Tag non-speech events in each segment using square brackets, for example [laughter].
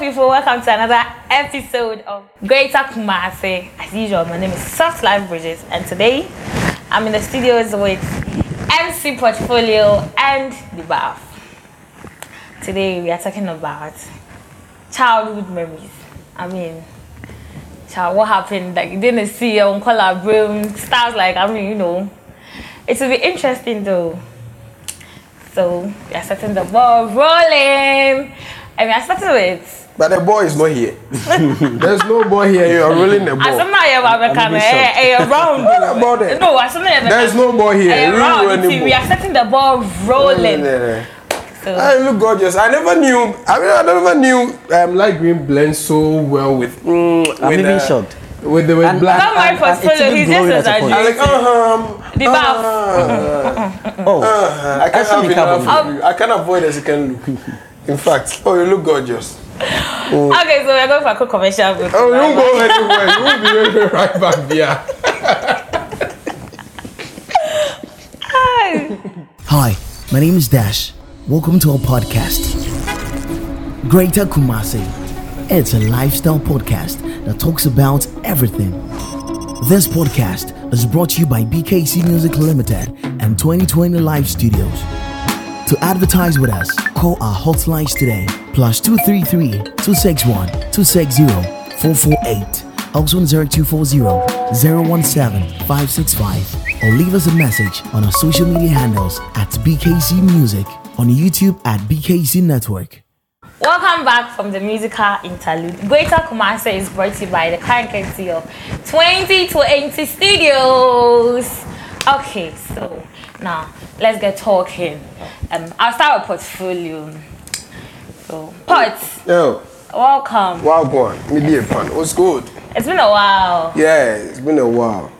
people, welcome to another episode of Greater Kumasi. As usual, my name is Soft Life Bridges, and today I'm in the studios with MC Portfolio and The Bath. Today we are talking about childhood memories. I mean, child, what happened? Like, you didn't see your uncle Abram, stuff like, I mean, you know. It will be interesting though. So, we are setting the ball rolling. I mean, I started with but the ball is not here. [laughs] There's no ball here. You are rolling the ball. Asam na yeba beka me. Eh, eh [laughs] round. What about it? No, am not here. There's no ball here. round. See, we are setting the ball rolling. So. I look gorgeous. I never knew. I mean, I never knew um, light green blends so well with. Mm, I'm even uh, shocked. With the with and, black. Not my portfolio. He's just as I like. Uh-huh, the uh, huh uh-huh. oh, uh-huh. I can't have enough. Of you. I can't avoid you can look. In fact, [laughs] oh, you look gorgeous. Oh. okay, so we're going for a quick commercial break. Oh, you go anywhere. You'll be right back there. Hi. Hi, my name is Dash. Welcome to our podcast. Greater Kumasi. It's a lifestyle podcast that talks about everything. This podcast is brought to you by BKC Music Limited and 2020 Live Studios. To advertise with us, call our hotlines today plus 233 261 260 448. Also on 0240 017 565. Or leave us a message on our social media handles at BKC Music on YouTube at BKC Network. Welcome back from the musical interlude. Greater Kumasi is brought to you by the currency of 2020 Studios. Okay, so now let's get talking. Um, I'll start with portfolio. So, Potts. Yo. Welcome. Welcome. Me dear pan. What's good? It's been a while. Yeah, it's been a while.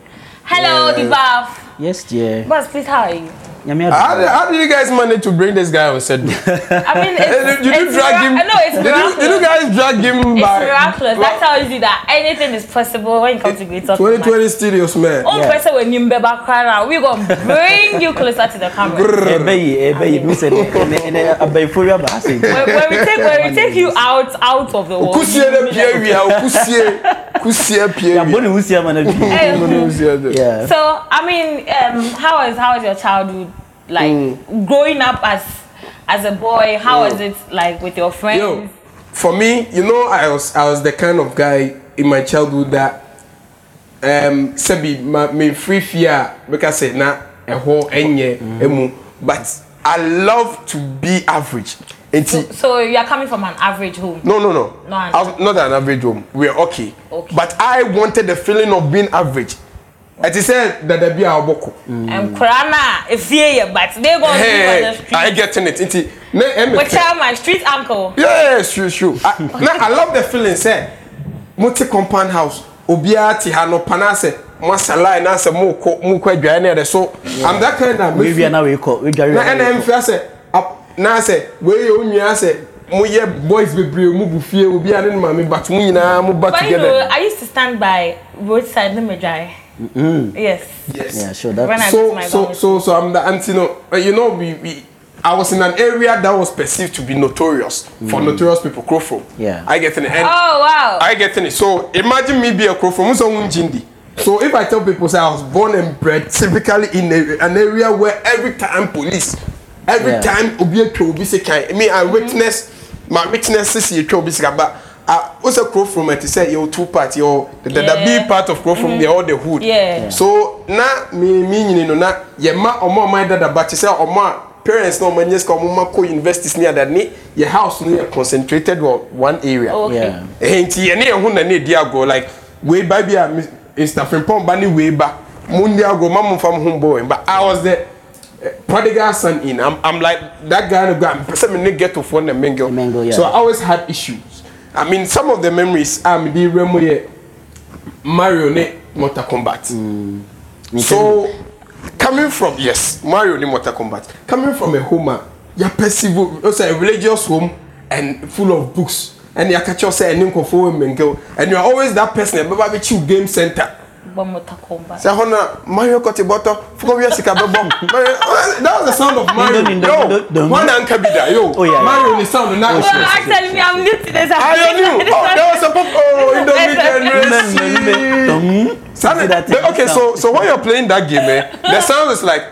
Hello, yeah. the buff. Yes, dear. Boss, please, how are you? How did, how did you guys manage to bring this guy on set? [laughs] I mean, [laughs] it's, did you it's drag him? No, it's did miraculous. you, did you guys drag him it's by? miraculous. That tells you that anything is possible when it comes to great talk. 2020 man. studios, man. One yeah. person with Nimbeba crying out, we're going to bring you closer to the camera. Ebei, ebei, we said, ebei, When we take, when we take you out, out of the world. Kusie de pierre, kusie, kusie pierre. Yeah, boni usia man. [laughs] Eh. So, I mean, um, how is how is your childhood? like mm. growing up as as a boy how mm. was it like with your friends Yo, for me you know i was i was the kind of guy in my childhood that um sebi me free fear because say na ɛhɔ ɛnyɛ mm. emu but i love to be average so, so you are coming from an average home. No, no, no. Not an, I've, not an average home. We are okay. okay. But I wanted the feeling of being average. ɛti sɛ dadabi a ɔbɔ kɔ. nkura na efie yɛ but they go do for the street. i get it nti ne ɛmi. wọ́n kyerɛ my street uncle. yeah sure sure ah, na i love the feeling sɛ mo ti compound house obiara ti ha no pana sɛ mo asa line na sɛ mo kɔ mo kɔ adwae na yɛrɛ so i'm that kind na mi fi na ɛna mi fi asɛ na asɛ wei o onua asɛ mo yɛ boys bebree mo bu fie obiara ne maame but mo nyinaa mo ba together. but you i used to stand by roadside ne ma dwae. Mm. Yes. Yes. Yeah, sure. That when so, so, so, so I'm the anti. No, you know, we, we, I was in an area that was perceived to be notorious mm. for notorious people, Crofro. Yeah. I get in it. And oh wow. I get in it. So imagine me be a Crofro. So if I tell people say I was born and bred typically in a, an area where every time police, every yeah. time obi obi say can me I witness my witnesses you obi say but Ah, what's a crow from it? Say you two part, you the, the, yeah. big part of crow from mm -hmm. the all hood. Yeah. yeah. So na me meaning no na ye ma omo ma da da but say omo parents no many sika omo ma ko universities near that ni your house no concentrated on one area. Okay. Yeah. Eh nti ye na ye ho na na di ago like we ba bia Mr. Frimpong ba ni we ba. Mo ndi ago ma mo fam home boy but I was the eh, prodigal son in. I'm, I'm like that guy. I'm person me get to phone the mingle. mingle yeah. So I always had issue. I mean, some of the memories I'm ah, um, be remoye Mario ne Mortal Kombat. Mm. So coming from yes, Mario ne Mortal Kombat. Coming from a home, ah, ya perceive also a religious home and full of books. And you catch yourself and you and you're always that person that eh, baby chill game center. Sahona, Mario Kotiboto, Fukobia Sikabom. That was the sound of Mario. Yo, one anchor Yo, oh, yeah, Mario is sound now. Oh, actually, I'm new to this. I knew. Oh, there was a pop. Oh, in Indomie generation. Okay, so so when you're playing that game, eh, the sound is like.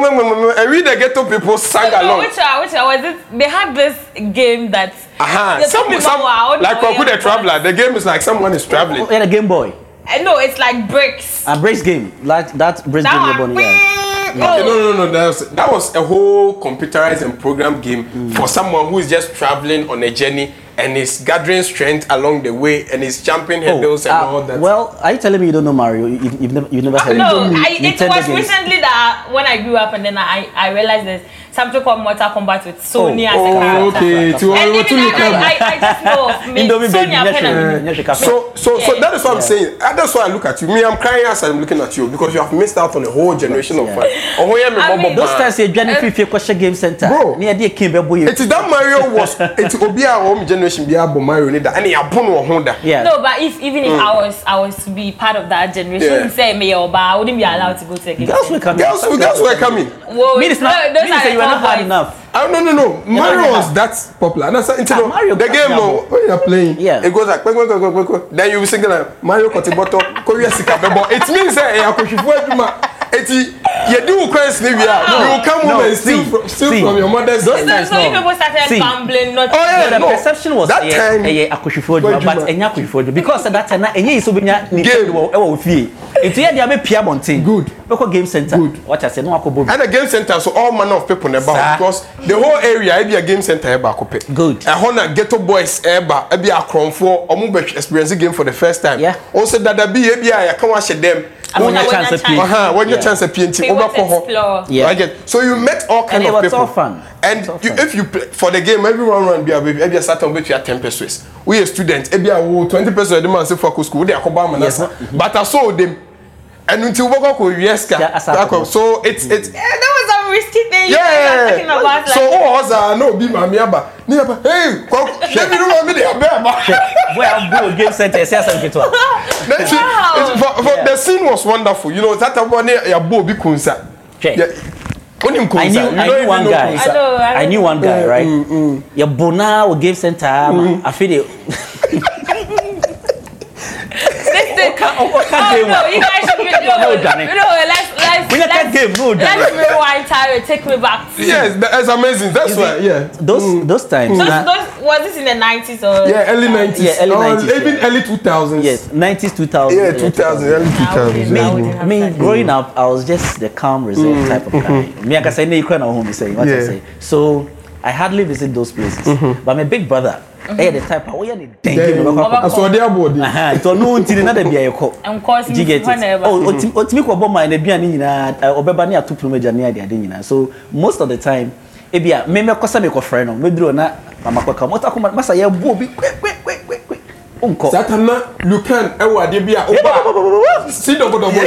I read the ghetto people sang along. Which one? Uh, which one uh, was it? They had this game that. Aha. Uh-huh. Some, some, like Kwaku the Traveler. The game is like someone is traveling. Oh, yeah, the Game Boy. Eh, no, it's like bricks. A bricks game, like that bricks that game. One, yeah. Oh. Okay, no, no, no, no. That was, that was a whole computerized and programmed game mm. for someone who is just traveling on a journey and is gathering strength along the way and is jumping oh, hurdles oh, and uh, all that. Well, are you telling me you don't know Mario? You, have you, never, you've never heard of him? No, it was games. recently that when I grew up and then I, I realized there's something called Mortal Kombat with Sonya oh, as a oh, character. Okay, to, and even to I, I, I just know [laughs] Sonya Penham. Uh, so, so, yeah. so that is what yeah. I'm saying. Uh, that's why I look at you. Me, I'm crying as I'm looking at you because you have missed out on a whole generation of fans. Oh, yeah, me, I mean, those times you they journey free question game center. Bro, it is that Mario was It is Obi our home generation. generation bi abɔ mario ne da ɛna yabɔ no wɔ ho no but if even if mm. i was i was to be part of that generation yeah. say or but i wouldnt be allowed to go to the game. girls were coming. girls, girls were coming. Well, me is not me is say you are not hard enough. Oh, no, no, no. Mario was that popular. That's until ah, Mario the game no, oh, when you're playing, yeah. it goes like quick, quick, quick, quick, quick. Then you'll be singing like Mario Cotton Bottle, Korea Sika Bebo. It means that eh, you're eh, a Koshifu Eduma eti yɛ di request ni wia ah. you come home and steal from steal from your mother's house. those times no people started gambling oh yeah no the perception was that time ɛyɛ eh, akosifo adwuma but ɛnyɛ akosifo adwuma because that time na ɛnyɛ yi so bi nya ni ɛwɔ ɛwɔ ofie etu yɛ de abɛ pia abɔnten. good bɛkɔ game center wɔkya sɛ no akɔ bobi. ɛna game center so all manner of people na ɛba hɔ because the whole area ebi a game center ɛba akɔ pɛ. good ɛhɔ na ghetto boys ɛba ebi akorɔnfoɔ ɔmo bɛ experience game for the first time. yeah ɔsɛ dadabi ebi a yɛka wɔn ahyɛ dɛm wọnyẹ chance pie wọnyẹ chance uh-huh, Over for her. hɔ so you met all kind and of people It was all fun. and you, if you play for the game everyone run be a baby. Every Saturday we have ten pesos woyɛ student ebi a wo twenty pesos The man say fɔ ko school wo de akɔba Yes, sa bata so o dem and until we go we ska so it's it's yeah, that was a risky thing yeah, you so like oh oza no be mami aba ni aba hey ko she be no mami dey aba ma well bro game center say some kito then she for, for yeah. the scene was wonderful you know that one ya bo bi kunsa yeah I knew, I knew one guy. I, know, I, know. I knew one guy, mm, right? Mm, mm. Your game center. Mm. I feel Oh, oh, what can't oh, game? No, you guys should [laughs] be no, no, Danny. No, let's let's. We let's game. No, Danny. Let's rewind time and take me back. To yes, that's amazing. That's why. yeah. Those mm. those times. Mm. Those, those was this in the nineties or? Yeah, early nineties. Yeah, early oh, nineties. Oh, even early two thousands. Yes, nineties two thousand. Yeah, two thousand early two thousand. Me, me growing up, I was just the calm, reserved mm. type of guy. Mm-hmm. Me, I can say, "No, you can't home." You say, "What I say?" So. I hardly visit those places. Mm-hmm. But my big brother, mm-hmm. eh, the type of where they think him about. So their body. Aha, to no ntini na da bia ye ko. And cause me whenever. Oh, otimi ko bom na bia ni nyina, uh, obeba ni atopro meja ni ade ade nyina. So most of the time, ebia me me kosa me ko frɛ no, me duro na mama kwa kam. Otako masa ye bu obi kwe kwe kwe kwe kwe. Onko. Satana Lucan e wa de bia oba. Si dogo dogo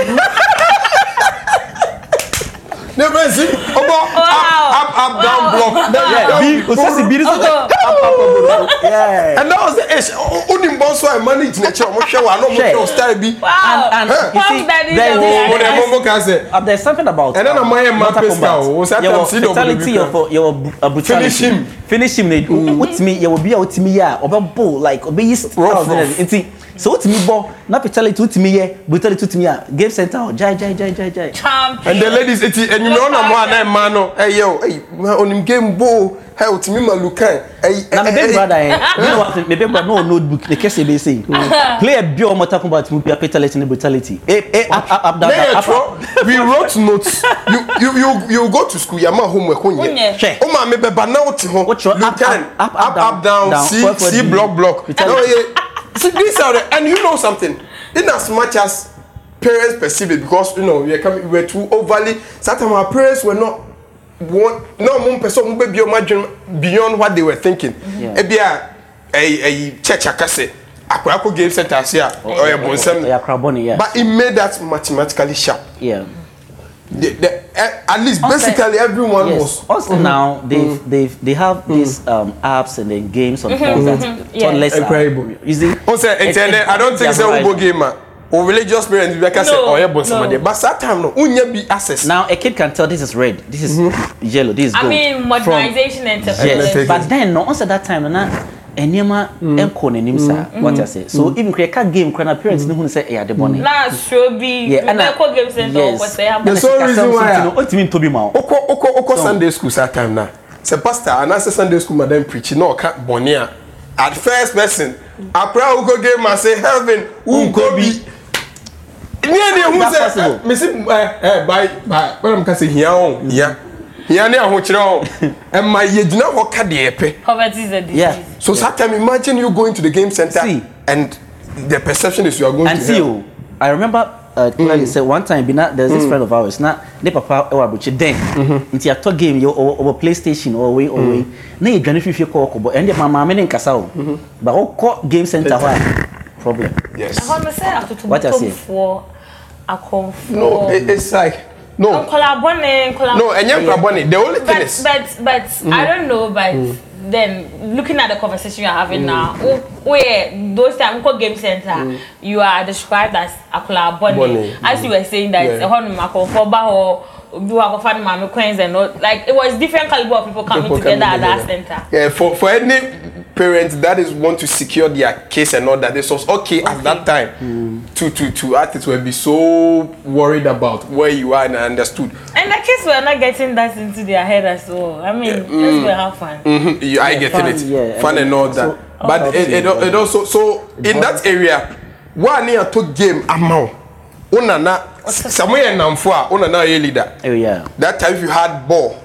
ne bɛ si o bɔ up up down block bi o sɛ si biiri sɔrɔ up up up and that was the age o ni bɔ so a ma ni jinɛ kyɛ o mo hwɛ wa n'o mo hwɛ o style bi and and you see there is mo de mo mo kan sɛ there is something about ɛnɛ na mo yɛ ma pe sika o o sɛ tɛm si de o bɛ bi kan yɛwɔ abutality finish him finish him de o ti mi yɛwɔ bi a o ti mi yɛ a ɔbɛ bo like ɔbɛ yi rough rough nti sɛ wotumi bɔ na pitali tu tumi yɛ brutali tu tumi a game center hɔ jai jai jai jai jai. and the ladies eti enyim no na mo ana ma no ɛyɛ o ɛyi onim game ɛ o timi ma lukan ɛyi na me big brother yɛn me big brother no notebook ne kɛse bɛ se player bi ɔmɔ takun ba ti mu bi ne brutality e e up up up down up up we wrote notes you you you go to school yamma homework on yɛ o maa mi bɛ ba na o ti ho lukan up up down c c block block no ye see these and you know something in as much as. parents perceive it because you know we are coming we were too overly sometimes our parents were not one na ọmụ mpẹ bẹ beyond what they were thinking yeah. a a a church akasẹ akwara kọ game center ase ah, Oh yeah, yeah, nsẹm but it made that mathematically sharp. Yeah. The, the, eh, at least also, basically everyone yes. was also mm. Mm-hmm. now they've, mm-hmm. they they have mm. these um, apps and then games on mm-hmm. mm-hmm. that mm-hmm. yeah. incredible you see also, and, and, and, I don't think so a right. gamer ah. or religious parents be like say oh yeah but but that time no unya be access now a kid can tell this is red this is yellow this is gold i mean modernization and yes but then no also that time na nneɛma mm. nkɔ n'anim saa mm. wata mm. sɛ so even kura ka game kura na parents ne hu sɛ ɛyɛ ade bɔne. na suro bi ɛna ɛkɔ game center ɔkɔ sɛ ɛyɛ abɔ. the sole reason why a ɔtumi oh, ntobi ma o. okɔ okɔ okɔ sunday school that time na sɛ pastor anaasɛ sunday school madam preach na ɔka bɔne a at first person akora okɔ game ma say heaven nkobi ní ẹni ehun sẹ mesi ẹ ẹ báyìí báyìí bẹ́ẹ̀ mi ka sẹ hiya ọ̀hún hiya hiya ni ahokyerɛ ọ̀hún ẹ ma yẹ gyina hɔ ka deɛ pɛ. poverty is a disease. Yeah. so yeah. sometimes imagine you going to the game center See, and the perception is you are going and to see, hell. And see o I remember uh, mm. clearly mm. said one time be not there's this mm. friend of ours na ne papa ɛwɔ e abotire den mm-hmm. nti atɔ game yɛ ɔwɔ ɔwɔ playstation ɔwɔ wei ɔwɔ wei na yɛ dwane fifi kɔ ɔkɔ bɔ ɛn de ma maame ne nkasa oh. mm-hmm. o ba ɔkɔ game center hɔ a problem. Yes. What I say? No, it, it's like no. Nkolabone, nkolabone. No, and yeah, nkolabone. The only thing but, is. But but mm. I don't know. But mm. then looking at the conversation you're having mm. now, oh, where those times called game center, mm. you are described as akolabone, Bone. as mm. you were saying that yeah. a akofoba or obi wa kofa ni maame coins and all. Like it was different caliber of people coming people together coming at that center. Yeah, for for any parents that is want to secure their case and all that they was okay, okay, at that time mm. to to to artists will be so worried about where you are and understood and the kids were not getting that into their head as well i mean yeah. mm. have fun mm-hmm. i yeah, getting fun, it yeah, fun and all that so, but it, it, it also so in that area one near to game amount onana somewhere namfo a onana yɛ leader oh yeah that time if you had ball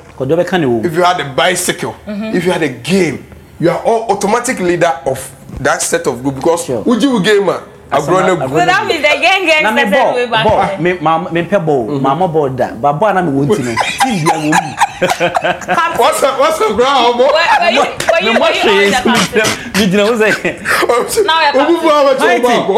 if you had a bicycle mm-hmm. if you had a game you are all automatic leader of that set of group because sure. uji wu gamer agorɔ ne gu. so that means the gang gang started ball, way back ball. then. mi maa mi pɛ bɔl maa ma bɔl mm-hmm. da ba bɔl anam wo ti no [laughs] team bi a wo mu. wasa wasa kura ɔmɔ ne ma se ye mi gyina wo sɛ. obubu awo ti o ba ko.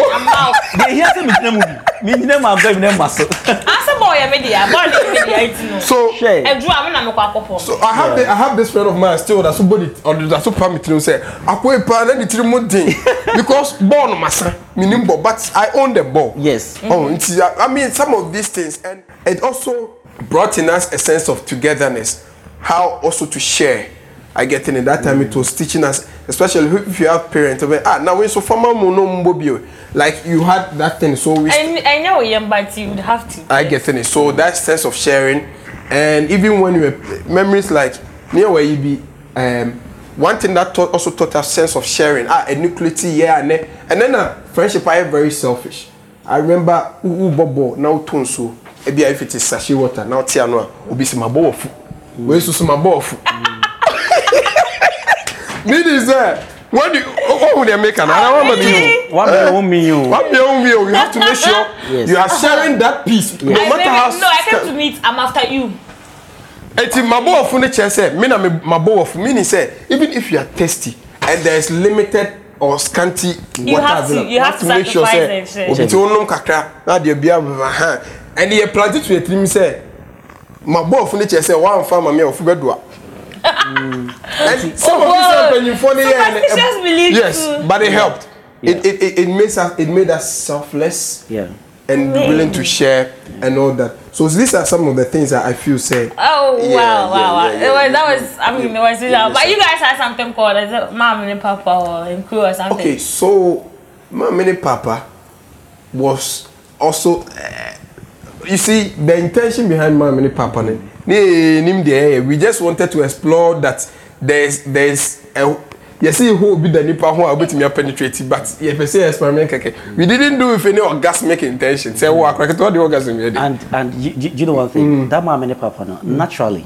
de ehi ase mi gyina mu bi mi nyina ma gba mi na ma so asa [laughs] boy media boy media it no so edru am na me kwa akofo so i have yeah. i have this friend of mine still that somebody on that so permit me say akwa pa na the three mo din [laughs] because ball no masa me nim ball but i own the ball yes oh mm-hmm. it's, i mean some of these things and it also brought in us a sense of togetherness how also to share I get in it. That time mm. it was teaching us, especially if you have parents. But, ah, now when so formal no mobile, like you had that thing. So we. I, I know, yeah, but you would have to. I get in it. So that sense of sharing, and even when you were memories like near where you be, um, one thing that taught, also taught us sense of sharing. Ah, a nuclear yeah, and then, and then uh, friendship. I am very selfish. I remember who bobo now tone so. Ebi if it is sachet water now tiano obi si mabɔ wɔ fu. Mm. Wei so so meaning sɛ when you ohun oh, they make am and i wan make you one eh? million one million one million one million you have to make sure yes. you are sharing that piece yes. no matter how no i came to meet I'm after you eti mabo ne kyerɛ sɛ me na me mabowofo meaning sɛ even if you are thirsty and there is limited or scanty you water have to, you have to, make sure say obi ti o nom kakra na de obi ama ha and yɛ planted to yɛ tirim sɛ mabowofo ne kyerɛ sɛ wa nfa maame a ofu bedua. Mm. and some of these mpanyinfoɔ ni yɛ ɛn ɛm yes but it helped yeah. it, it it makes us it made us selfless yeah. and Maybe. willing to share and all that so these are some of the things that I feel say. Oh yeah, wow wow yeah, wow! It was, that was I mean it was really yeah, but you guys had something called as a mom and papa or in crew or something. Okay, so mom and papa was also uh, you see the intention behind mom and papa. Mm-hmm. nim deɛ we just wanted to explore that there's there's a yɛsi hole bi da nipa ho a obetumi apenetrate but yɛpɛ sɛ experiment kɛkɛ we didn't do with any orgasmic intention sɛ wo akora ketewa de orgasm yɛ de. and and you, you know one thing mm. that maame ne papa no mm. naturally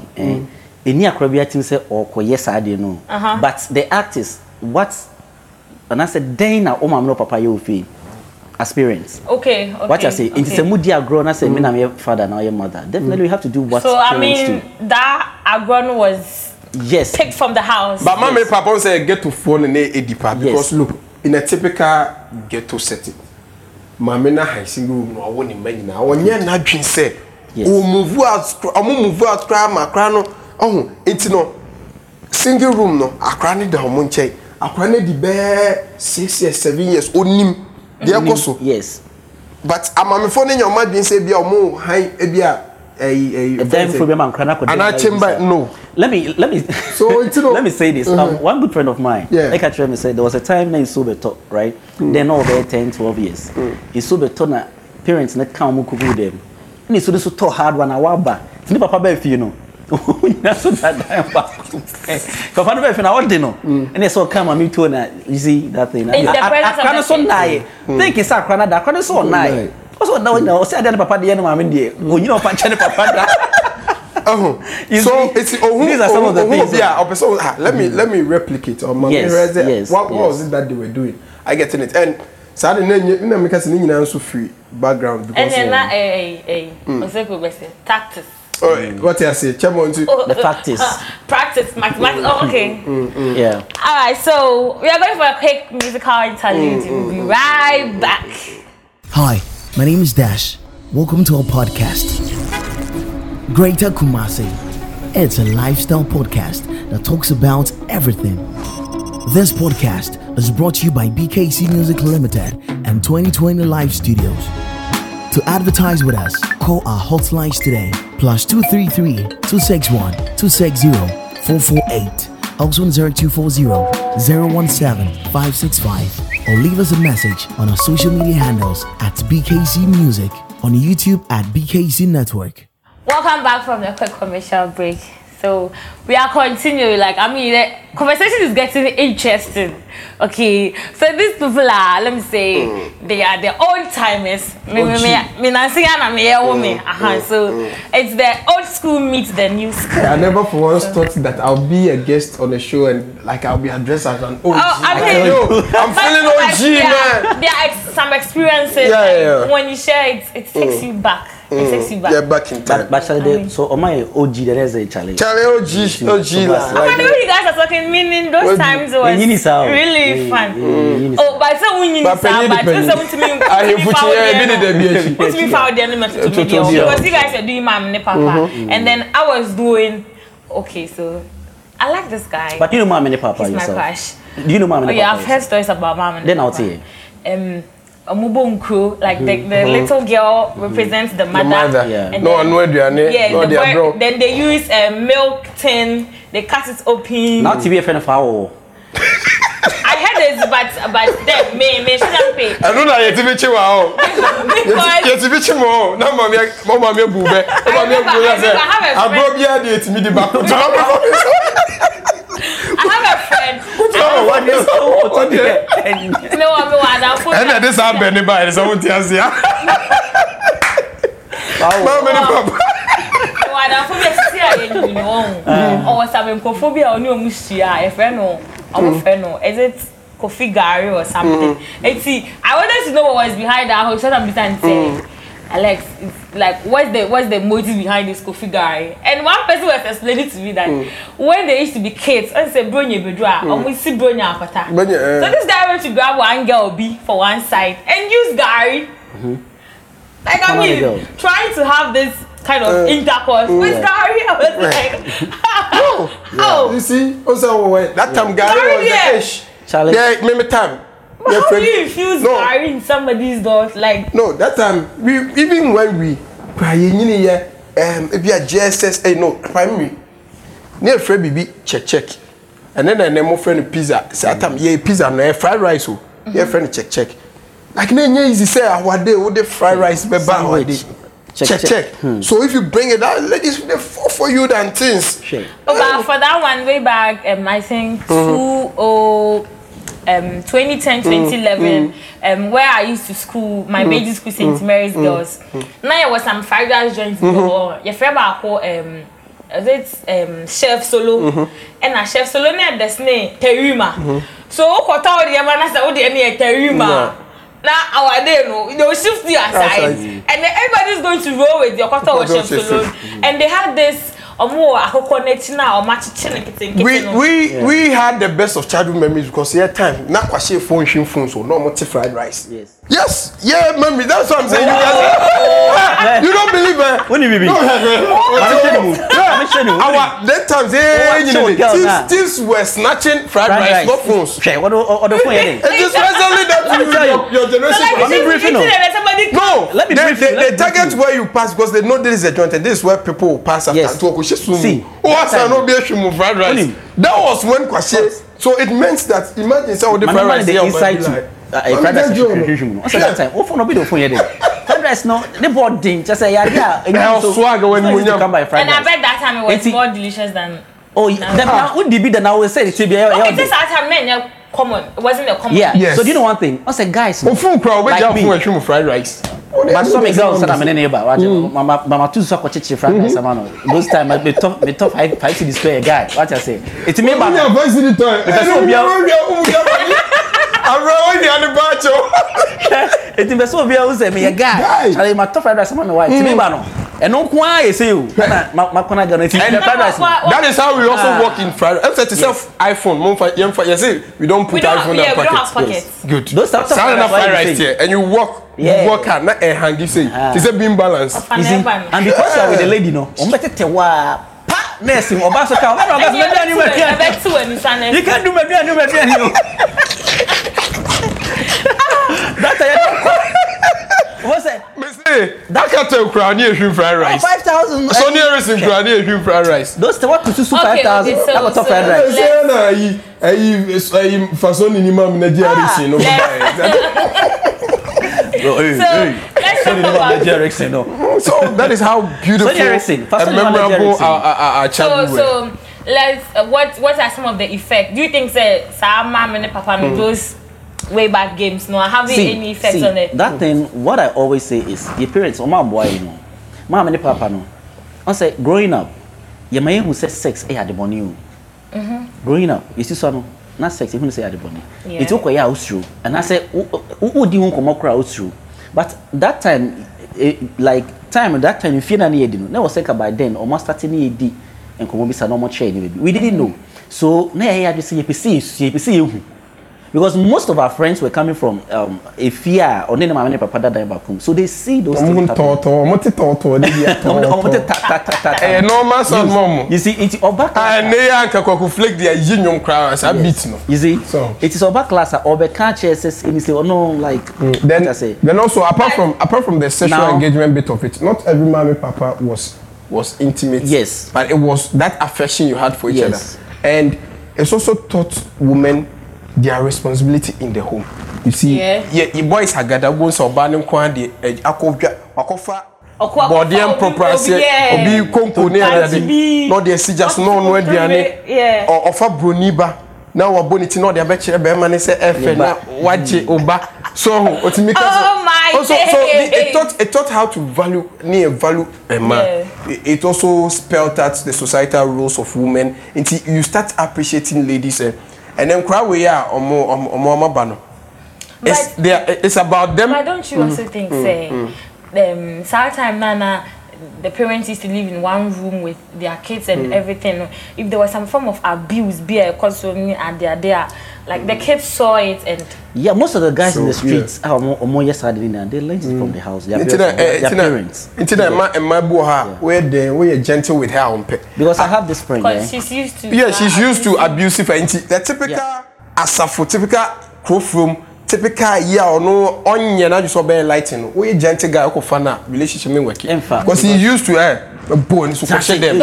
eni akora bi ati sɛ ɔkɔ yɛ saa de no but the artist what anaasɛ den na o oh, maame ne papa yɛ ofin aspirants. Okay, okay. What I say, It is a moody agro, I say, mm. I'm your father, now your mother. Definitely, we have to do what So, I mean, do. that agron was yes picked from the house. But yes. papa say, get to phone and edipa because look, in a typical ghetto setting, mommy na high single room, I won't imagine. I won't na dream say, oh, move out, I'm move out, cry, my crown, oh, it's no single room, no, I cry, the hormone check, I cry, di bear six years, seven years, old oh, name deɛ ɛkɔ so yes but amamefo ne nyɛ ɔmo adwene sɛ ebi a ɔmo han ebi a ɛyi ɛyi ɛdan fo bi ma nkran akɔda ana chamber no let me let me [laughs] so you know, [laughs] let me say this um, mm -hmm. um, one good friend of mine yeah Like I kyerɛ me say there was a time na isu bɛ tɔ right mm. then na ɔbɛyɛ ten twelve years mm. isu bɛ tɔ na parents ne kan ɔmo kuku dɛm ɛna isu de so tɔ hard one na waba ti ne papa bɛɛ fie no nyina so dadan baako kɔfa no bɛfɛ na ɔde no ɛne sɛ ɔka ma metuo na usi that thing akra no so nnaeɛ think sɛ akra no da akra no so ɔnaeɛ ɔsɛ ɔda ɔnyina ɔsɛ adeɛ ne papa deɛ ne maame deɛ ɔnyina ɔfa nkyɛ ne papa da so it's oh, these are some oh, of the things. so, ah, let me let me replicate or my yes, yes, what, was it that they were doing? I get in it and saa de na meka sɛ ne nyinaa nso firi background because ɛnɛ na ɛɛ ɛɛ ɔsɛ kò bɛsɛ tactics Oh, what What I say? Come on to the practice. Uh, [laughs] practice, mathematics. Oh, mm, okay. Mm, mm, mm, mm. yeah. All right. So we are going for a quick musical interlude. we'll be right back. Hi, my name is Dash. Welcome to our podcast, Greater Kumasi. It's a lifestyle podcast that talks about everything. This podcast is brought to you by BKC Music Limited and 2020 Live Studios. To advertise with us, call our hotlines today plus 233 261 260 448. Also on 0240 017 565. Or leave us a message on our social media handles at BKC Music on YouTube at BKC Network. Welcome back from the quick commercial break. So we are continuing. Like I mean, the conversation is getting interesting. Okay, so these people are, let me say, mm. they are the old timers. Me, me, me, me, mm, mm, So mm. it's the old school meets the new school. I never for once thought that I'll be a guest on a show and like I'll be addressed as an OG. Oh, I mean, [laughs] I am feeling OG, like, man. There are, there are ex- some experiences. Yeah, yeah. When you share it, it takes mm. you back. Mm. They're back in time. But, but I mean, so am I OG? there is a challenge. Challenge OG, OG. So like, like, I you guys are talking. Meaning those OG. times was oh. really fun. Yeah, yeah, oh, but so we need but just to me. I have put you. Put me found the element to me because you guys are doing mom and papa, mm-hmm. and then I was doing. Okay, so I like this guy. But you know mom and papa He's yourself. my crush. Do you know mom and oh, papa? Yeah, I've heard stories about mom and then papa. I'll tell you. Um, Omubonku, like the, the mm-hmm. little girl mm-hmm. represents the mother. The mother. Yeah. And no, then, no, aduane. Yeah, no, the boy, then they use a uh, milk tin, they cut it open. Not to be a fan of our. Oh. [laughs] I heard this, but but then me me shouldn't pay. I don't know yet to be chill wow. Oh. Yet to be chill wow. Oh. Now mommy mommy bube. Mommy bube. I have a friend. I broke the idea to me the back. [laughs] I have a friend. What's [laughs] wrong? What is so hot on [laughs] No, I mean, one. I'm full. And this I'm Benny by. It's a one tears here. Wow. Many people. Wadafo bi esisi a yɛ nyini wɔn ɔwɔ sami nkɔfo bi a ɔne ɔmu hyia ɛfɛ no ɔmu fɛ no is it kofi gari or something eti mm. I wanted to know what was behind that hotel and be tan tell. Alex, it's like what's the what's the motive behind this Kofi guy? Eh? And one person was explaining to me that mm. when they used to be kids, I said Bronya Bedra, hmm. we see Bronya Apata. Eh. So this guy went to grab one girl B for one side and use Gary. Mm-hmm. Like I mean, trying to have this kind of uh, intercourse mm, with yeah. Gary. I was like, no. [laughs] [laughs] yeah. oh, you see, also oh, that time Gary, Gary was yeah. the ish. yeah, time. How friend, do you refuse no, marry somebody's doors? Like no, that time we even when we in here, um, if you are JSS, hey, no me. near friend baby check check, and then name my friend pizza. So that time yeah pizza no fried rice oh yeah friend check check. Like na nye easy say awade ah, What the fried hmm. rice be ba awade. Check check. check. Hmm. So if you bring it out, ladies they fall for you than things. Sure. Oh, but for that one way back, um, I think mm-hmm. two oh. um, 2010, 2011, mm, mm. um, where I used to school, my mm. basic school, St. Mm. Mary's mm, Girls. Mm. Now it was some um, five guys joint mm -hmm. Your friend I um, is it um, Chef Solo? Mm -hmm. And a uh, Chef Solo, na the snake, Terima. Mm-hmm. So, what all the man has, all the near Terima. Yeah. Now our day, no, they will shift the aside, and then is going to roll with your quarter or Chef Solo. and they had this we we yeah. we had the best of childhood memories because yeah time na kwashe phone shin phone so na ọmụ fried rice yes yes yeah memory. that's what i'm saying oh, you guys oh, oh, [laughs] you don't believe it. wọ́n ní bíbí our that time say eh, oh, you know thieves were snatching fried rice no phones What fún yẹn ni it is presently that you your generation. off. Let me brief you. they target where you pass because they know this is a joint and this is where people will pass after. Yes. To Okoshe See. Oh, that, no be fried rice. that was when Kwashe. So it means that imagine say, oh, the fried rice. They inside you. Uh, fried rice. What's that time? What phone No, be the phone here then? fried rice no They bought ding just say yeah yeah. And [laughs] I swag when we come by fried rice. And I bet that time it was more delicious than. Oh, then now would be then I will say it should be. Okay, this her men common. It wasn't a common. Yeah. So do you know one thing? I said, guys, Oh, crowd. like me, fried rice. matusa mi girls sani amene ne ba wajɛ mama mama tu sɔ kɔkyekyere franka sama no those time ma me tɔ me tɔ five five cd square guy wajɛ sɛ eti mi ba no five cd tɔ ɛ ɛni obiara obiara awura o ni ani ba kyɛw eti mbɛsɛ obiara o sɛ mi yɛ guy ale ma tɔ five cd sama no wa eti mi ba no. ɛno nko ara yɛ sɛ o ɛna ti. and that is how we also ah. work in friday ɛn sɛ self iphone mo n fa yɛn fa yɛ sɛ we don put we iphone yeah, in pocket yes pockets. good saa na fried right here, and you work yeah. you work hard na ɛ hangi sey ti sɛ being balanced. and because you are with the lady no wɔn bɛ tètè wá pa nurse ɔba ka ɔba na ɔba so mɛ duane mɛ duane you can do mɛ duane mɛ duane o. hey that cartel kura ni ehun fried oh, rice oh five thousand so ni eh, erisin kura ni fried rice. those tí wọ́n tutu su five thousand that was top fried ah. rice. ṣé ẹ náà yí ẹyí ẹyí fasoni ni maa mi na jẹ erisin ló bá yẹ. so that is how beautiful and memorable our, our, our childhood so, so, So, let's, uh, what, what are some of the effects? Do you think that Sama and Papa mm. those way back games no having see, any effect see, on it that thing what i always say is your parents ọmọ àbúrò yìí no maame ne papa no wọn sẹ growing up yẹn mayẹ hun say sex ẹ yà adibọni o growing up yẹ si sọ no na sex ehun sẹ yà adibọni ètò ọkọ yẹ a osuro ẹnasẹ wọ́n di hun nkọmọ kora osuro but that time eh, like time that time nfin na ne yɛ di no na wɔ sɛ by then ɔmo asate ne yɛ di nkɔmɔ bi sa na ɔmo kyerɛ ne baabi we didn't know so na yɛ yɛ adi sɛ yɛ pese yɛ su yɛ pese yɛ hu because most of our friends were coming from um, Efia or Nene Mamane Papa Dada Bakum. So they see those things. Toto, Omote Toto, Omote ta ta ta ta. Eh, normal son mom. You see, it is Oba class. Ah, ne ya anka kwa kuflake their union crown as a beat no. You see, so it is Oba class. Oba can't chase this. It is no like. Mm. Then, I say. then also apart from apart from the sexual now, engagement bit of it, not every mommy papa was was intimate. Yes. But it was that affection you had for each yes. other, and it's also taught women their responsibility in the home you see yeah. yeah, yeah boys agadago nso ọba ne nkwa de akɔdwa akɔfa bɔdeɛ mpropra sɛ obi konko ne ɛrɛde na ɔde asi gya so na ɔno aduane ɔfa buroni ba na wabɔ ne ti na ɔde abɛkyerɛ bɛrima ne sɛ ɛfɛ na wagye ɔba so ho otumi ka oh so also oh, so it, it taught it taught how to value ne value a ma. yeah. it, also spelt out the societal roles of women until you start appreciating ladies. Eh, ɛnɛ nkura wei a ɔmo ɔmo more ba no it's they are it's about them. but don't you also mm, think mm, say. Mm. Um, saa time the parents used to live in one room with their kids and mm. everything. If there was some form of abuse, be a consuming and they are there, like mm. the kids saw it and. Yeah, most of the guys so, in the streets yeah. are more, more yes, ah, They learned mm. it from mm. the house. Their, into parents, that, uh, eh, their into parents. Into that, yeah. my, eh, my boy, yeah. where they were gentle with her on pay. Because I, I ah. have this friend. Because yeah. she's used to. Yeah, she's uh, used to abusive. The typical yeah. asafo, typical crowfrom typical or no onion. ɔnyɛ n'adu sɛ ɔbɛyɛ lighting no woyɛ gentle guy who ɔkɔfa a relationship mi work because he used to ɛ bo ni so kɔhyɛ them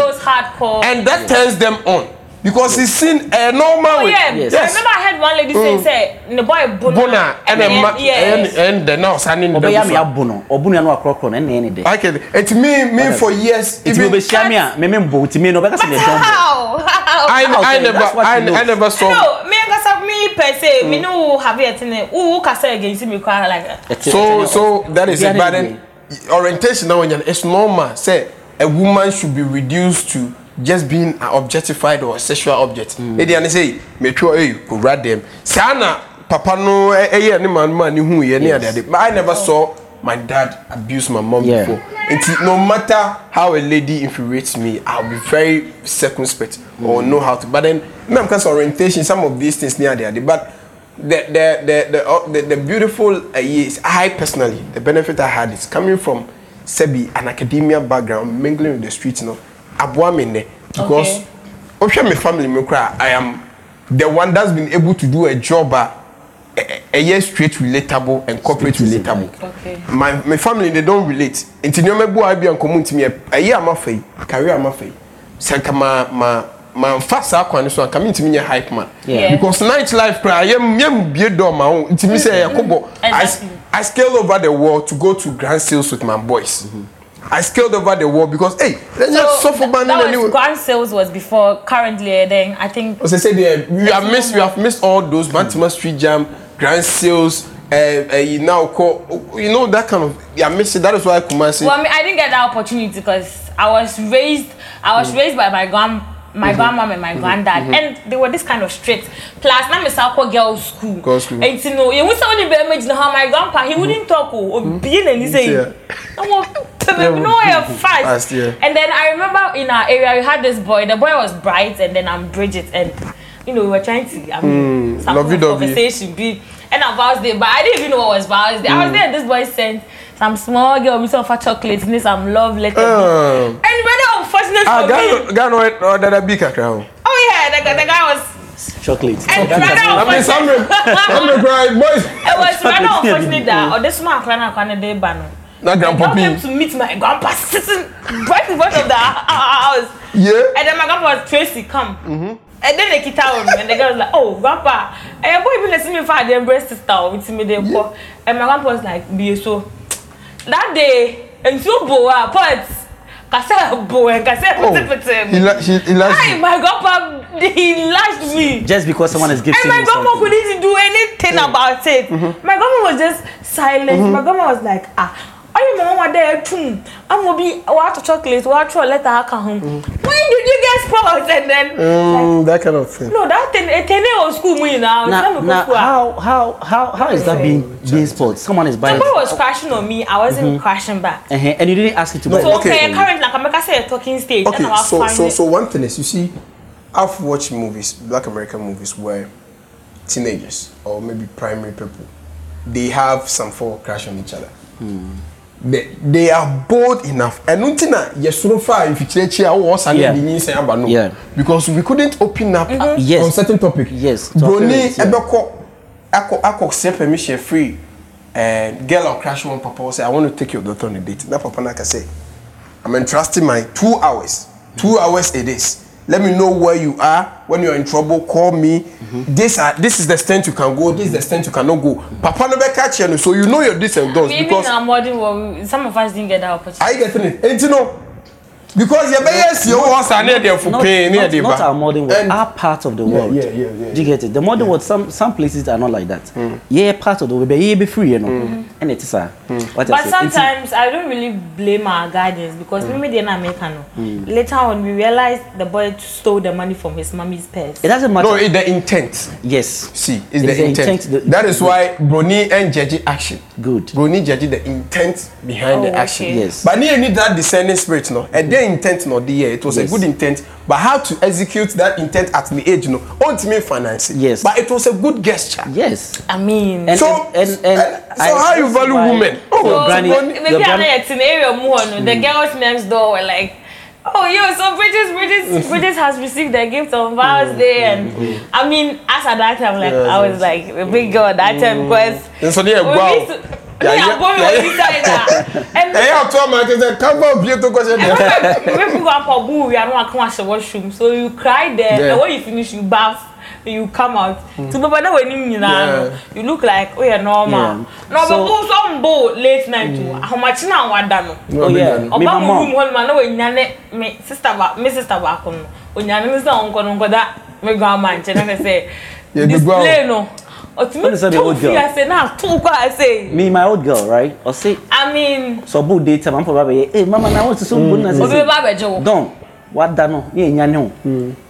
and that turns them on because he's seen a normal oh, Yeah. Yes. I remember I heard one lady mm. say, "The boy Bona, Bona and then ma- yes. and, and the now standing the Obeya me abono, obunu no akrokro na na any day. Okay, it me me for years it even be share ah. me me me bo, it me no be ka say na don. I I never I, I never saw. No, kasa me per se me no have it in who kasa against me kwa like uh, so so that is it but then orientation now it's normal say a woman should be reduced to just being an objectified or sexual object ɛdi mm. ani sɛ metwa ɛyi owura dɛm saa na papa no ɛyɛ eh, eh, ne maa no maa ne hu yɛ ne adeade but i never oh. saw my dad abused my mom yeah. before. And no matter how a lady infuriates me, I'll be very circumspect mm. or know how to. But then, I'm because orientation, some of these things near there. But the the the the, uh, the, the beautiful uh, is I personally the benefit I had is coming from Sebi an academia background, mingling with the streets. You know, Abuamene because okay. Oshia, my family, I am the one that's been able to do a job. Uh, ɛyɛ straight relatable and corporate straight relatable okay. my my family they don relate nti nneɛma bu a bi a nkɔmu ntumi ɛyɛ ama fɛ yi career ama fɛ yi sɛ ma ma ma nfa saa kwan so a nka mi ntumi hype man yeah. because night life pra yɛ yɛ mu bie dɔɔ ma ho ntumi sɛ ɛyɛ hmm. kɔbɔ i i scale over the world to go to grand sales with my boys. Mm -hmm. I scaled over the wall because hey, let's so just suffer banning that was anyway. grand sales was before currently then I think. As I said, yeah, we have missed we have missed all those mm. Baltimore Street Jam, grand sales uh, uh, you now call you know that kind of yeah missing that is why kumasi well I, mean, I didn't get that opportunity because i was raised i was mm. raised by my grand my mm -hmm. grandmom and my mm-hmm. granddad mm -hmm. and they were this kind of strict plus now miss sa kɔ girls school girls school and you know you would say only be imagine how my grandpa he mm-hmm. wouldn't talk o oh, oh, mm-hmm. being and he say no no fast and then i remember in our area we had this boy the boy was bright and then i'm bridget and you know, we were trying to, I mean, mm, some conversation be. And a Val's Day, but I didn't even know what was about Day. Mm. I was hmm. there, this boy sent some small girl with some fat chocolates, and some love letter. Uh, and when unfortunately, ah, guy, guy, no, uh, that a big Oh, yeah, the, the guy was chocolate. And rather unfortunate. Some cried, boys. It was rather unfortunate that or oh, this man clan can day ban. Not grandpa. I came to meet my grandpa sitting right in front of the [laughs] house. Yeah. And then my grandpa was Tracy, come. Mm-hmm. And then they kita on me, and the girl was like, "Oh, grandpa, your eh, boy, been let me find the embrace sister oh, with me there." Yeah. And my grandpa was like, "Be so." That day, and so boa, but kasa boa, e, kasa oh, pete pete. He lashed. He lashed. Hey, my grandpa, he lashed me. Just because someone is gifting. And my grandma couldn't do anything yeah. Mm. about it. Mm -hmm. My grandma was just silent. Mm -hmm. My grandma was like, "Ah." ayé mọ̀ mom? Are there tún i I'm tọ be what chocolate wàá tọ lẹ́tà aka home. when did you get sports and then. Mm, like, that kind of thing. no that ten etene eh, o school mu yina. na na how how how how is that being being sports someone is buying. somebody was crashing on me i wasn't mm -hmm. crashing back. Uh -huh. and you didn't ask it to no, buy. so okay, okay currently like I amaka say you're talking stage. okay so so so one thing is you see i've watched movies black american movies where teenagers or maybe primary people they have some form crash on each other. Mm. they they are bold enough ẹnu ti na yẹsoro fa nfikyerẹkyerẹ a wọ́n sáré di yín sẹ́yìn aba no because we couldn't open up mm -hmm. yes. on certain topic yes. broni ẹbẹkọ akọ akọ sẹ permission free uh, girl or crash one papa say i want to take your daughter on a date na papa na ka say i'm entrusting my two hours two hours a day let me know where you are when you are in trouble call me mm-hmm. this are this is the extent you can go this is the extent you cannot go papa no be catch you so you know your this and guns because maybe na more than um, some of us didn't get that opportunity are you getting it and eh, you know because yẹ bẹ yẹ si owó ọsàn ní ẹdẹ fún pain ní ẹdẹ not our modern world our part of the world yeah, yeah, yeah, yeah, do you get it the modern yeah. world some some places are not like that mm. yeah part of the world bẹ yẹ bẹ free yẹn no ẹnna ti sa. but sometimes i don't really blame our guardians because mm. mímí dey na make am later on we realized the boy stole the money from his mommy's purse. it doesn't matter no it's the intent. yes see it's, it's the, the intent, intent the, that is why broni and jeji action. good broni jeji the intent behind oh, the action. Okay. yes but you need that discerning spirit no and mm. then their intent not there. It was yes. a good intent, but how to execute that intent at the age, you know, ultimately financing Yes. But it was a good gesture. Yes. I mean. And, so and, and, and so I, how you value women? Oh, so granny, maybe your I'm not an area more. No, the hmm. girls next door were like. Oh, yo, so British, British, [laughs] British has received their gift on Valentine's Day. Hmm. And I mean, as at that time, like, yes, I was like a big girl at that time hmm. because. And so, yeah, wow. yà bọ́ mi wọ visa yìí dà. ẹ yà tó ọmọ akẹ́kẹ́ kábọ̀ bíi tó kọ́ ṣe dẹ̀. mẹ́fì wà pọ̀ bú wíwá ní wọn kí wọ́n aṣọwọ́ ṣùm so you cry there yeah. and when you finish you baff you come out. tí bàbá náà wẹ̀ nyinaa no you look like ó oh, yẹ normal. na ọbẹ̀ bó sọ ń bò late night o ahomakye mm. náà wà dà no. Oh, ọba mu room hall ma náà wẹ̀ nyane mi sista ba mi sista baako no onyane mi sàn nkọ nkọ da mi gan ama nkyɛn na fɛ sɛ display no. Ọtúnmí tún fi àṣẹ náà tún kọ́ àṣẹ. Me my old girl right? Ọ̀sẹ̀. I mean. Sọ̀bù dé tẹ̀ máa ń fọ̀ bàbá yẹ. Ee eh, mama na wọ́n ti sún gbóná ṣe ṣe. Obi bá bẹ̀ Dọ́n wa da no ne yɛ nyane o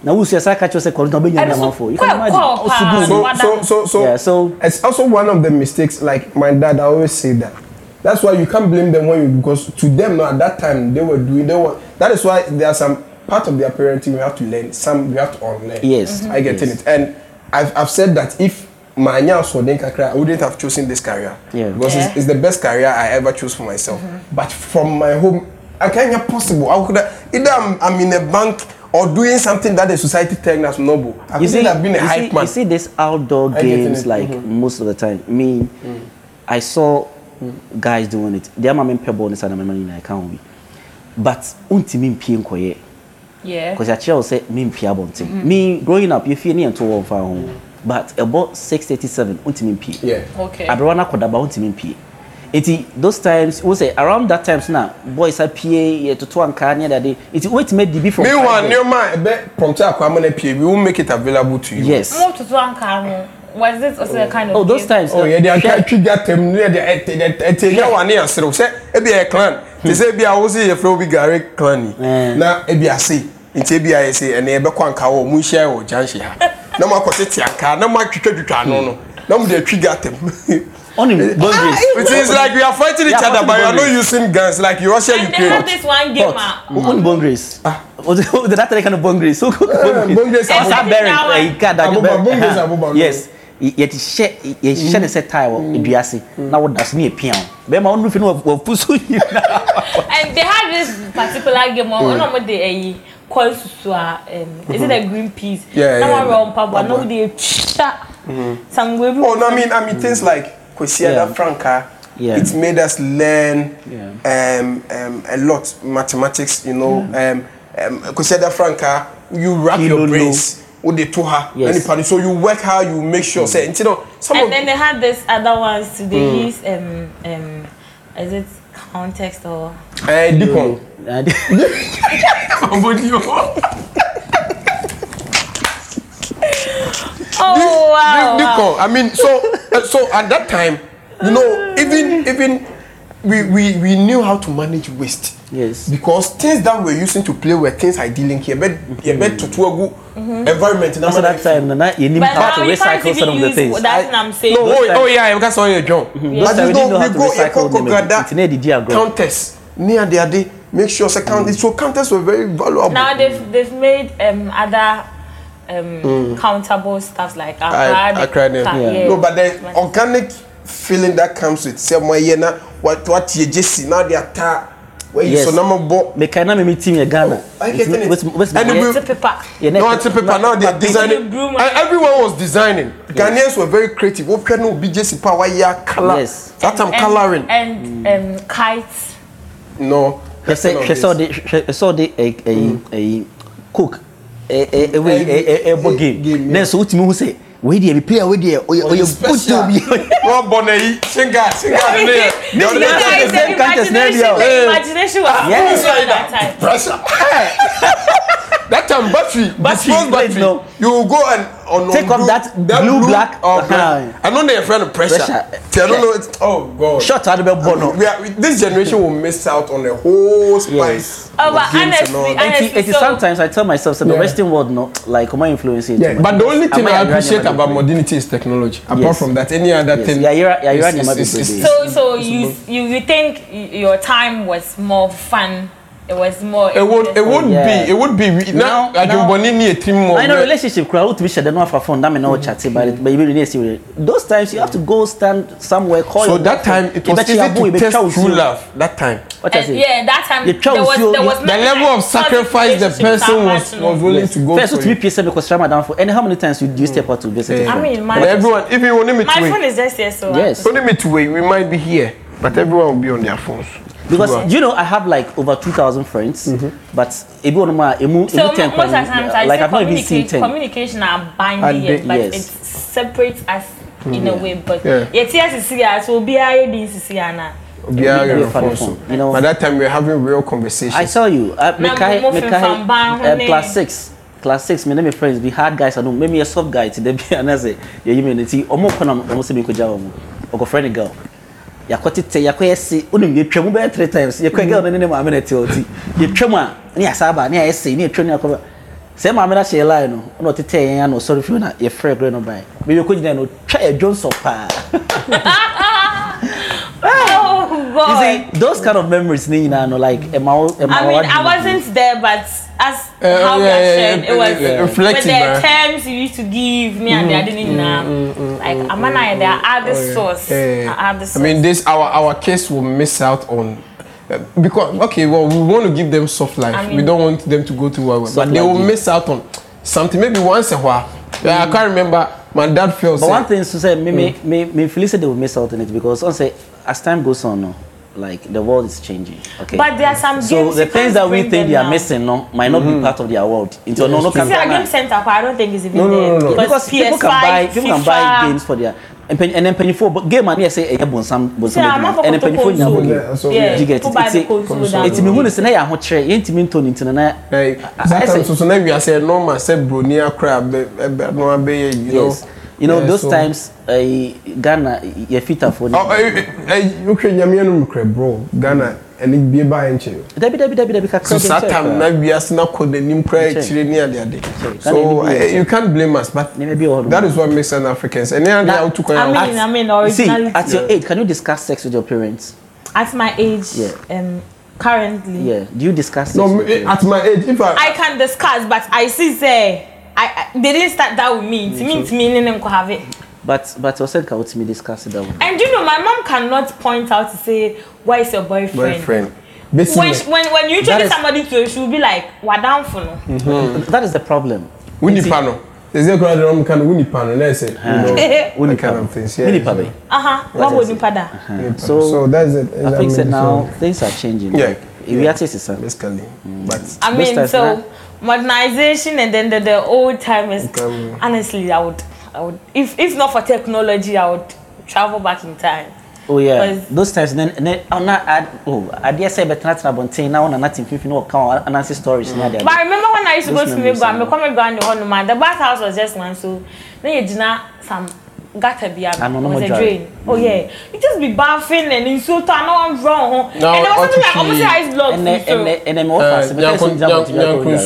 na wusu ɛsa ka kyerɛ sɛ kɔrɔ na ɔbɛnya ne amanfo you can imagine ɔsubu so so so yeah, so it's also one of the mistakes like my dad i always say that that's why you can't blame them when you because to them no at that time they were doing they were that is why there are some part of their parenting we have to learn some we have to unlearn yes mm -hmm. i get yes. it and I've, I've said that if My so den kakra I wouldn't have chosen this career. Yeah. Because yeah. It's, it's the best career I ever chose for myself. Mm-hmm. But from my home, I can't possible. I could have, either I'm, I'm in a bank or doing something that the society telling as noble. I you see, I've been a you hype see, man. You see this outdoor I games like mm-hmm. most of the time. Me, mm. I saw mm. guys doing it. Their mama pebble on and my money in account. But unti min pie nkoye. Yeah. Because your child said min pie abonting. Mm-hmm. Me growing up, you feel near to one far home but ɛbɔ six eighty seven ntumi mpie yeah. okay. abirawa na akɔdaba ntumi mpie eti those times wo sɛ around that times na boys apie yɛ toto ankaa ne adade eti wo etime di bi from. meanwhile nneɛma ɛbɛ pɔnkye akwama na pie we will make it available to you. yes mo toto ankaa no was this also a kind of. oh those times. oh yɛ de aka twiga tɛm ne yɛ de ɛtɛ ɛtɛ yɛ wa ne yɛ serew sɛ ebi yɛ clan te sɛ ebi awo se yɛ fɛ obi gari clan yi eh. na ebi ase nti ebi ayɛ se ɛnɛ yɛ bɛ kɔ ankaa wɔ mu nhyia yɛ wɔ junction ha. [laughs] na mo akɔtete ankaa na mo atwitwadwitwa ano no na mo de atwi gatem. [laughs] Only ah, boundaries. It is like we are fighting each other, but you are not using guns like you Russia, Ukraine. They have this one game. Uh, Only ah. boundaries. Ah. That kind of boundaries. So good. Eh, boundaries. Eh, boundaries. Eh, boundaries. Yes. yɛte hyɛ yɛhyɛ ne sɛ tae wɔ dua ase na wɔda so ne yɛ pia o bɛrima wɔn nufi no wɔfu so nyinaa. and they have this particular game wɔn wɔn a wɔn de ɛyi. kɔn susu a ɛm is it a mm-hmm. green peas. yeah yeah na wɔn awɔ mpaboa na wɔn de etwa. sango ebi. oh no i mean i mean things mm-hmm. like kwesiada yeah. franca. Yeah. It made us learn yeah. um, um, a lot mathematics, you know. Yeah. Um, um, Kwesiada Franca, you wrap Kilo your brains with the toha yes. any party. So you work hard, you make sure. Mm. Say, you know, some and of then they had this other ones. Today, mm. use um um, is it context or ẹ dikun bàbá di o. Oh wow! I mean, so uh, so at that time, you know, even even we we we knew how to manage waste. Yes. Because things that we're using to play were things I did here, mhm. But to to a good mm-hmm. environment. That's that time, Nana, you need how to recycle some of the things. That's what I'm saying. No, oh, oh yeah, because all oh, your job. Mm-hmm. Yes. But you know, we go a countess near their day, make sure say Mm. So counters were very valuable. Now they've they've made um, other um, mm. countable stuff like Accra. I cried yeah. No, but the organic feeling that comes with say my yena what what you just see now they are tar. Where yes. you so number bo me kana me team in Ghana. Oh, I get it. What's what's and we, paper. Yeah, no, it's paper now they are designing. everyone was designing. Yes. were very creative. What can no BJC power yeah color. Yes. That I'm coloring. And um kites no yɛsɛ ɔde mm. cook ɛbɔ game then so wotumi hu sɛ wei deɛ bi player wei deɛ ɔyɛ buto bi. rɔbɔ na yi singa singa ne ne yɛ. this guy is the imagination imagination was full of that time. pressure. [laughs] that time battery battery, battery, battery no. you will go and on, take off that, that blue, blue black, oh, black. I know they're afraid of pressure, pressure. See, I don't know it's, oh god shut out about bono we are, this generation will miss out on the whole spice yes. oh, but honestly, honestly it is so sometimes I tell myself so the yeah. western world not like my influence yeah. but the only thing I, I appreciate about modernity is technology apart from that any other yes. thing yeah, you're, yeah, you're is, is, is, so so you, you you think your time was more fun it was more. It would it would yeah. be it would be now. Now Ajumboni need a team more. I know relationship. Crowd to be shared. No, for phone. That may not mm. chat about it, but you really need to see Those times you have to go stand somewhere. Call. So that time it was easy to test true love. That time. What and, yeah, that time there was, there was the level of sacrifice the person was, was willing to go. First, to be patient because Ramadan for. And how many times would you step out to visit? I mean, my everyone. If you only me to my phone is just here, so uh, yes. Only me to wait. We might be here, but everyone will be on their phones because you know I have like over two thousand friends, mm-hmm. but ebi one ma emu so emu ten kwani like I've not even seen ten. Communication are binding, yet, but yes. it separates us mm-hmm. in a mm-hmm. way. But yet yes, it's here. So be I be sisi ana. Be I so. You know, by that time we're having real conversations. I saw you. Uh, mekai mekai uh, class six class six me ne me friends be hard guys I know Maybe a soft guy today be [laughs] anase. Yeah, you mean it? Omo kona omo se me kujawa omo. Oko friend girl. yakɔ tete yakɔ yɛ se onim yɛtwa mu bɛyɛ three times yɛkɔ yɛ gɛl ne ne maame na ɛte ɔti yɛtwa mu a ne yɛ saaba ne yɛ se ne yɛtwa ne akɔ sɛ maame na hyɛ line no ɔna ɔtete yɛn ano ɔsɔre fi mu na yɛfrɛ ɛgorɛ no ban bɛyɛ kɔ gyina yɛn no twa yɛ johnson paa. [laughs] [laughs] God. You see, those kind of memories, you know, like, am I, am I, mean, I wasn't there, but as uh, oh, how yeah, we yeah, yeah, it was yeah. reflecting. But the terms you used to give me and mm, I didn't mm, know. Mm, mm, like, I'm mm, there, I add the source. I source. I mean, this, our, our case will miss out on uh, because okay, well, we want to give them soft life. I mean, we don't want them to go to what, but they will miss out on something. Maybe once a while, yeah, I can't remember. My dad feels. But one thing to say, me, mm. me, me, me Felicity will miss out on it because once as time goes on, like the world is changing. Okay. But there are some So the things that we think they are now. missing no might not mm-hmm. be mm. part of their world. Into no no See, game center, but I don't think it's even no, no, no, there. No, no, no. Because, because PS5, people can buy people FIFA. can buy games for their ɛnɛ mpanyinfoɔ game a ne yɛ sɛ ɛyɛ bonsam bonsam adwuma ɛnɛ mpanyinfoɔ nyina bɔ game jigɛ titi eti mi hu ne sɛ ne yɛ ahokyerɛ yɛn ntumi ntɔ ne ntina na ɛsɛ. satan soso na wiase normal sɛ broni akora ɛbɛ ɛbɛ no you know yeah, those so, times uh, Ghana yɛ fita for. o kɛ nyamiya nu kura bro Ghana ɛni bie ba yɛn kyerɛ. dabi dabi dabi so satan ah. na wiase na kɔ n'anim kura ekyire ni ade so eh, you can't blame us but that is what makes us Africans ɛni adi awo tukɔ yan. I mean I mean originality. see at your age can you discuss sex with your parents. at my age. Yeah. Um, currently. yeah do you discuss. no at my age if i. i can discuss but i see say. I, I they didn't start that with me. It means me and them could have it. But but I said can me discuss it that way. And you know my mom cannot point out to say why is your boyfriend. Boyfriend. Basically, when, she, when when you introduce somebody to her, she will be like, "What down for no?" Mm-hmm. That is the problem. We need panel. There's no crowd around can we need panel. Let's say We ah. know panel. [laughs] kind of panel. Yeah. Uh huh. What would you da? Uh-huh. Uh-huh. So so that's it. I, think now things are changing. Yeah. Like, yeah. Reality is something. Basically, mm. but I mean so. Now, modernization and then the, the old time is okay. honestly I would I would if if not for technology I would travel back in time. Oh yeah, those times then then I'm oh, not I, oh I dare say but not abontain now on nothing if you know account Nancy stories mm. -hmm. But I remember when I used to those go to Migwa, me come Migwa and the one man the bathhouse was just one so then you did not some gutter bi abi no, was a drain. Oh mm. yeah, you just be baffing and insulting. I know I'm wrong. No, and there was something like almost ice blocks. And then and then and then what was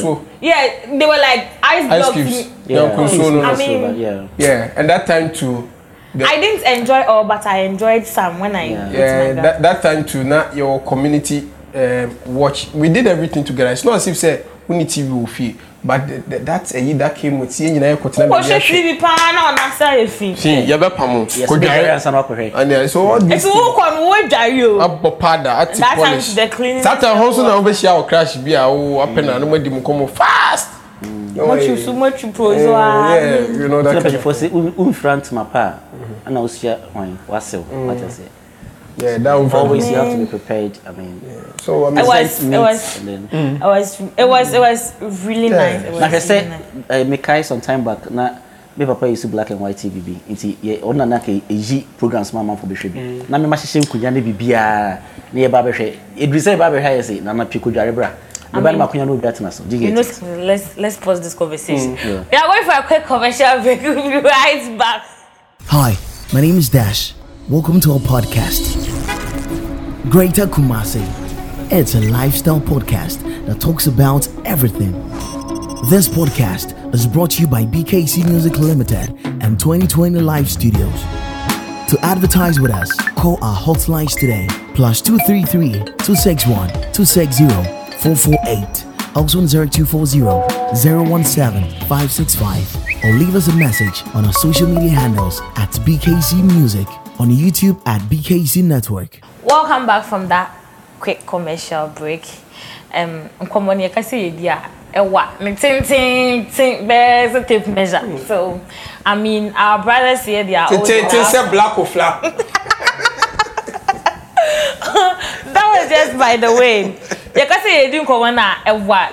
it? Yeah, they were like ice block. Ice cubes. Yeah, I mean, yeah. and that time too. The, I didn't enjoy all, but I enjoyed some when I. Yeah, yeah that, that time too. Not your community um, watch. We did everything together. It's not as if say we need TV will feel but the, the, that ẹyi uh, that came with yẹn nyinaa yẹ kò tẹ́lẹ̀ mi bí ẹ ṣe. o ṣe fi bi paa náà ọ̀nà sá yẹ fi. fi yẹ bẹ pamọ kò jẹ ayé ansa náà kò hẹ. ẹnìyà so all these things. ètò wọ́n kọ́ ni wọ́n jàre o. abọ paada ati polish sátà ẹ̀hún sọ náà wọ́n bẹ ṣe àwọn crash bi àwọn apẹ̀ náà ẹni wọ́n di mu kọ́ mu fast. mọ̀tù sùn mọ̀tù pòzó a. ṣé pẹ̀lú fọ́sẹ̀ ùn front mapa ẹ̀ na ó ṣe wọ́n wá sẹ́wọ̀ wá tẹ̀sẹ̀. Yeah, that would always you have to be prepared. I mean, yeah. so I mean, it was it was, then, mm. mm. it was it was it was really yeah. nice. Was like really I said, nice. uh, Mikai some time back na me papa used to black and white TV bi ye ona na ke eji programs mama for be bi mm. na me ma hyehyɛ nkunya ne bibia na ye ba behwe edri say ba behwe say na na piko dware bra I mean, no, let's let's pause this conversation. Mm, yeah. We are going for a quick commercial break. [laughs] We'll be right back. Hi, my name is Dash. Welcome to our podcast. Greater Kumasi. It's a lifestyle podcast that talks about everything. This podcast is brought to you by BKC Music Limited and 2020 Live Studios. To advertise with us, call our hotlines today plus 233 261 260 448, also on 0240 017 565, or leave us a message on our social media handles at BKC Music on YouTube at BKC Network. Welcome back from that quick commercial break. Um, I idea. Ewa, me ting ting ting. tape measure. So, I mean, our brothers here they are. Ting black or flap. [laughs] that was just by the way.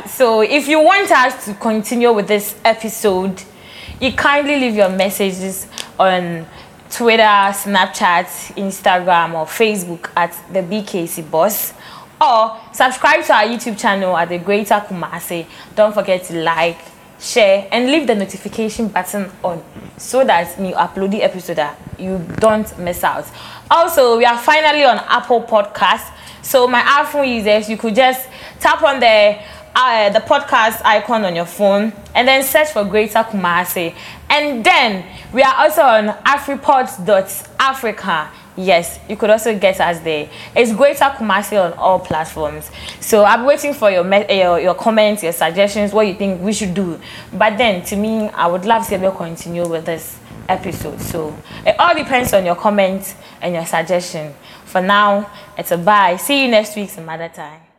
So, if you want us to continue with this episode, you kindly leave your messages on Twitter, Snapchat, Instagram, or Facebook at the BKC Boss. Or subscribe to our YouTube channel at the Greater Kumase. Don't forget to like, share, and leave the notification button on so that when you upload the episode ah, you don't miss out. Also, we are finally on Apple Podcast. So my iPhone users, you could just tap on the uh, the podcast icon on your phone and then search for Greater Kumase. And then we are also on afriport.africa. Yes, you could also get us there. It's Greater Kumasi on all platforms. So I'm waiting for your, me- your your comments, your suggestions, what you think we should do. But then, to me, I would love to we continue with this episode. So it all depends on your comments and your suggestion. For now, it's a bye. See you next week some other time.